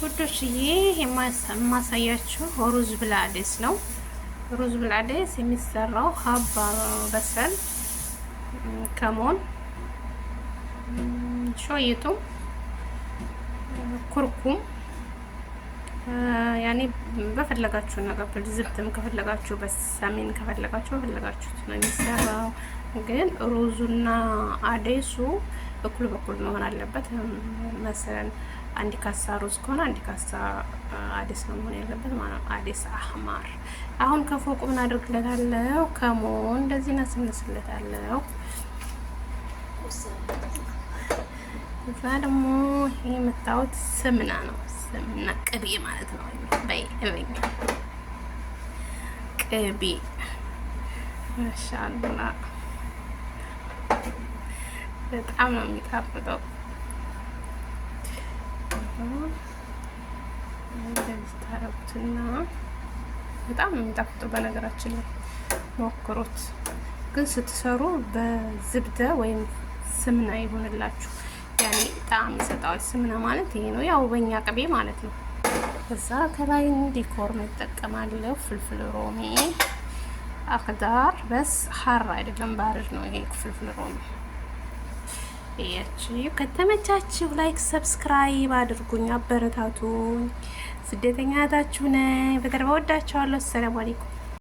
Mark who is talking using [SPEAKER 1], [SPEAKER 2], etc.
[SPEAKER 1] ውዶችዬ የማሳያችሁ ሩዝ ብላዴስ ነው። ሩዝ ብላዴስ የሚሰራው ሀባ በሰል፣ ከሞን፣ ሾይቱ፣ ኩርኩም ያኔ በፈለጋችሁ ነገር ዝብትም ከፈለጋችሁ በሰሜን ከፈለጋችሁ በፈለጋችሁት ነው የሚሰራው። ግን ሩዙና አዴሱ በኩል በኩል መሆን አለበት። መሰለን አንድ ካሳ ሩዝ ከሆነ አንድ ካሳ አዲስ ነው መሆን ያለበት ማለት ነው። አዲስ አህማር። አሁን ከፎቁ ምን አድርግለታለው? ከሞ እንደዚህ ነስንስለታለሁ። እዛ ደግሞ ይሄ የምታዩት ስምና ነው። ስምና ቅቤ ማለት ነው። በይ እበኛ ቅቤ ማሻአላህ በጣም ነው የሚጣፍጠው። ታረጉትና በጣም ነው የሚጣፍጠው። በነገራችን ላይ ሞክሮት ግን ስትሰሩ በዝብደ ወይም ስምና ይሆንላችሁ። ያኔ ጣዕም ይሰጠዋል። ስምና ማለት ይሄ ነው፣ ያው በእኛ ቅቤ ማለት ነው። እዛ ከላይ ዲኮር እጠቀማለሁ። ፍልፍል ሮሜ አክዳር፣ በስ ሀር አይደለም ባርድ ነው ይሄ ፍልፍል ሮሜ እያችሁ ከተመቻችሁ ላይክ ሰብስክራይብ አድርጉኝ፣ አበረታቱኝ። ስደተኛ እህታችሁ ነኝ። በቅርብ ወዳችኋለሁ። አሰላሙ አለይኩም